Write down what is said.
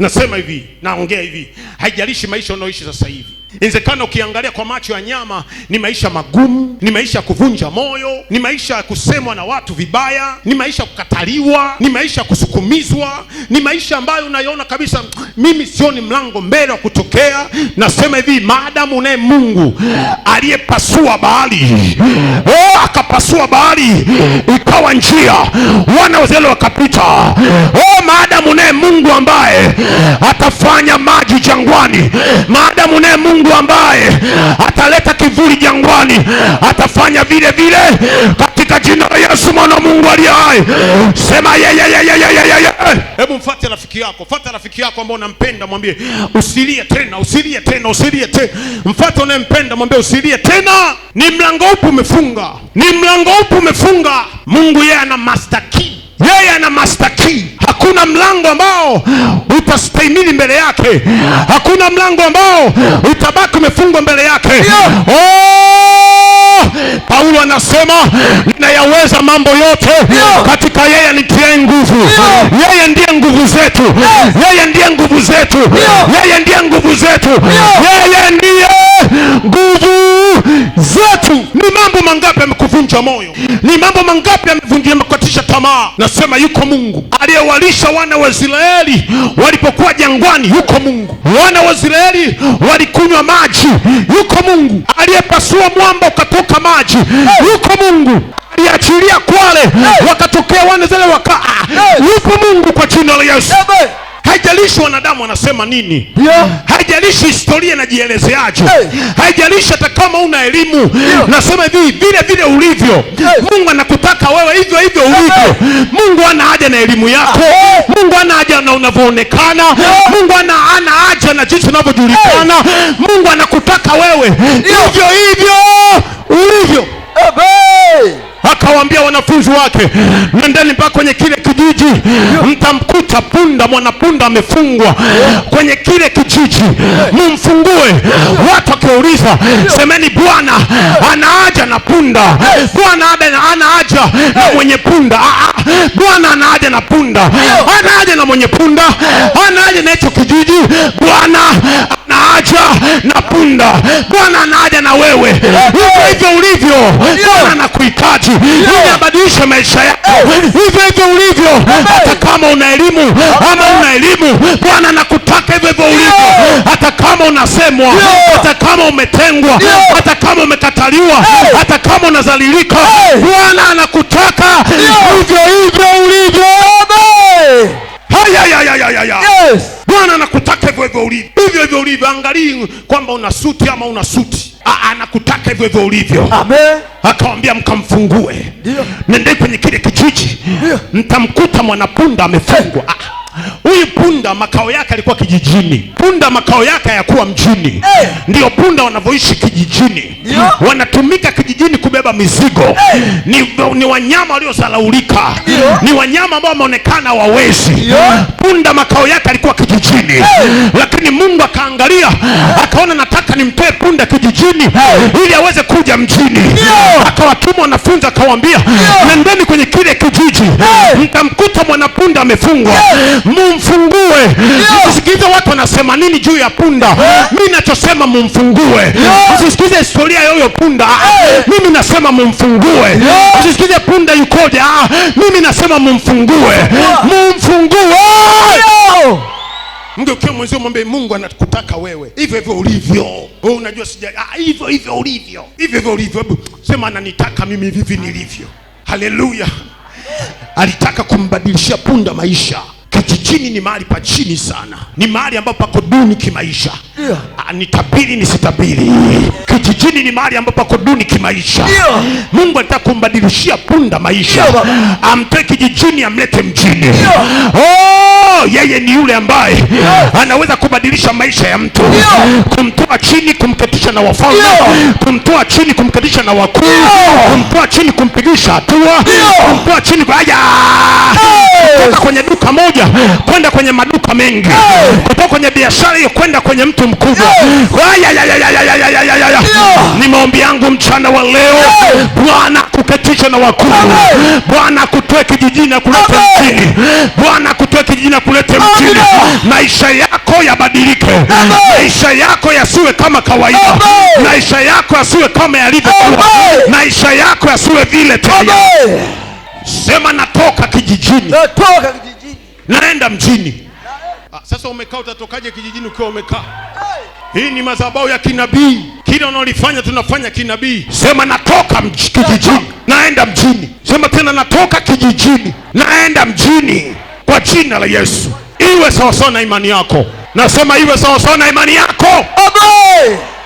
Nasema hivi, naongea hivi, haijalishi maisha unaoishi sasa hivi Inawezekana ukiangalia kwa macho ya nyama ni maisha magumu, ni maisha ya kuvunja moyo, ni maisha ya kusemwa na watu vibaya, ni maisha ya kukataliwa, ni maisha ya kusukumizwa, ni maisha ambayo unayoona kabisa, mimi sioni mlango mbele wa kutokea. Nasema hivi, maadamu unaye Mungu aliyepasua bahari, oh, eh, akapasua bahari ikawa njia, wana wa Israeli wakapita. Oh, maadamu unaye Mungu ambaye atafanya maji jangwani. Maadamu naye Mungu ambaye ataleta kivuli jangwani, atafanya vile vile katika jina la Yesu mwana wa Mungu aliye hai. Sema ye. Hebu mfuate rafiki yako, fuata rafiki yako ambao unampenda, mwambie usilie tena, usilie tena, usilie tena. Mfuate unayempenda, mwambie usilie tena. Ni mlango upi umefunga? Ni mlango upi umefunga? Mungu yeye ana master key, yeye ana master key. Hakuna mlango ambao utastahimili mbele yake, hakuna mlango ambao utabaki umefungwa mbele yake. Oh, Paulo anasema ninayaweza mambo yote katika yeye nitiaye nguvu. Yeye ndiye nguvu zetu, yeye ndiye nguvu zetu, yeye ndiye nguvu zetu, yeye ndiye nguvu amevunjwa moyo. Ni mambo mangapi amevunjwa, amekatisha tamaa. Nasema yuko Mungu aliyewalisha wana wa Israeli walipokuwa jangwani, yuko Mungu. Wana wa Israeli walikunywa maji, yuko Mungu. Aliyepasua mwamba ukatoka maji, yuko Mungu aliachilia kwale, wakatokea wana zile waka, yupo Mungu kwa jina la Yesu haijalishi wanadamu wanasema nini yeah. haijalishi historia inajielezeaje hey. haijalishi hata kama una elimu yeah. nasema hivi vile vile ulivyo Mungu anakutaka wewe hivyo hivyo ulivyo hey. Mungu ana haja na elimu yako hey. Mungu ana haja na unavyoonekana yeah. Mungu ana haja na jinsi unavyojulikana hey. Mungu anakutaka wewe hivyo yeah. hivyo ulivyo akawaambia wanafunzi wake, nendeni mpaka kwenye kile kijiji, mtamkuta punda, mwanapunda amefungwa kwenye kile kijiji, mumfungue. Watu wakiwauliza, semeni Bwana anaaja na punda, Bwana anaaja na mwenye punda, ah, ah. Bwana anaaja na punda, anaaja na mwenye punda, anaaja na hicho kijiji, Bwana anaaja na punda, Bwana anaaja na wewe, hivyo hivyo ulivyo kazi ili abadilishe maisha yako hivyo hivyo ulivyo. Hata kama una elimu ama una elimu, Bwana anakutaka hivyo hivyo ulivyo. Hata kama unasemwa, hata kama umetengwa, hata kama umekataliwa, hata kama unazalilika, Bwana anakutaka hivyo hivyo ulivyo. haangalii kwamba una suti ama una suti anakutaka hivyo hivyo ulivyo. Amen. Akawambia mkamfungue, nendei kwenye kile kijiji, mtamkuta mwanapunda amefungwa. Eh. Huyu punda makao yake alikuwa kijijini. Punda makao yake hayakuwa mjini. hey. Eh. Ndio punda wanavyoishi kijijini. Yo. Wanatumika kijijini kubeba mizigo. hey. Eh. Ni, ni wanyama waliozalaulika, ni wanyama ambao wameonekana wawezi. Yo. Punda makao yake alikuwa kijijini. hey. Eh. Lakini Mungu akaangalia, hey. akaona nataka nimtoe punda kijijini, hey. ili aweze kuja mjini. Akawatuma wanafunzi akawaambia, nendeni kwenye kile kijiji, hey. mtamkuta hata mwanapunda amefungwa, mumfungue. Msisikilize watu wanasema nini juu ya punda. Mi nachosema mumfungue, msisikilize historia ya huyo punda. Mimi nasema mumfungue, msisikilize punda yukoje. Ah, mimi nasema mumfungue, mumfungue. Mgeukie mwenzio, mwambie Mungu anakutaka wewe hivyo hivyo ulivyo wewe. Unajua sija ah, hivyo hivyo ulivyo, hivyo hivyo ulivyo. Hebu sema ananitaka mimi vivi nilivyo. Haleluya! alitaka kumbadilishia punda maisha chini ni mahali pa chini sana, ni mahali ambapo pako duni kimaisha yeah. Ah, nitabiri nisitabiri, kijijini ni mahali ambapo pako duni kimaisha yeah. Mungu anataka kumbadilishia punda maisha yeah, amtoe kijijini amlete mjini yeah. Oh, yeye ni yule ambaye yeah, anaweza kubadilisha maisha ya mtu yeah, kumtoa chini kumketisha na wafalme yeah, kumtoa chini kumketisha na wakuu yeah, kumtoa chini kumpigisha hatua yeah, kumtoa chini kwa kwenye duka moja kwenda kwenye maduka mengi, kutoka kwenye biashara hiyo kwenda kwenye mtu mkubwa. Ni maombi yangu mchana wa leo, Bwana kuketisha na wakuu, Bwana kutoe kijijini na kulete mjini, Bwana kutoe kijijini na kulete mjini. Maisha yako yabadilike, maisha yako yasiwe kama kawaida, maisha yako yasiwe kama yalivyokuwa, maisha yako yasiwe vile tena. Sema natoka kijijini, natoka eh, kijijini, naenda mjini. Ah, sasa umekaa, utatokaje kijijini ukiwa umekaa? Hii ni madhabahu ya kinabii, kile unaolifanya tunafanya kinabii. Sema natoka mj kijijini, naenda mjini. Sema tena natoka kijijini, naenda mjini, kwa jina la Yesu. Iwe sawasawa na imani yako. Nasema iwe sawasawa na imani yako. Amen.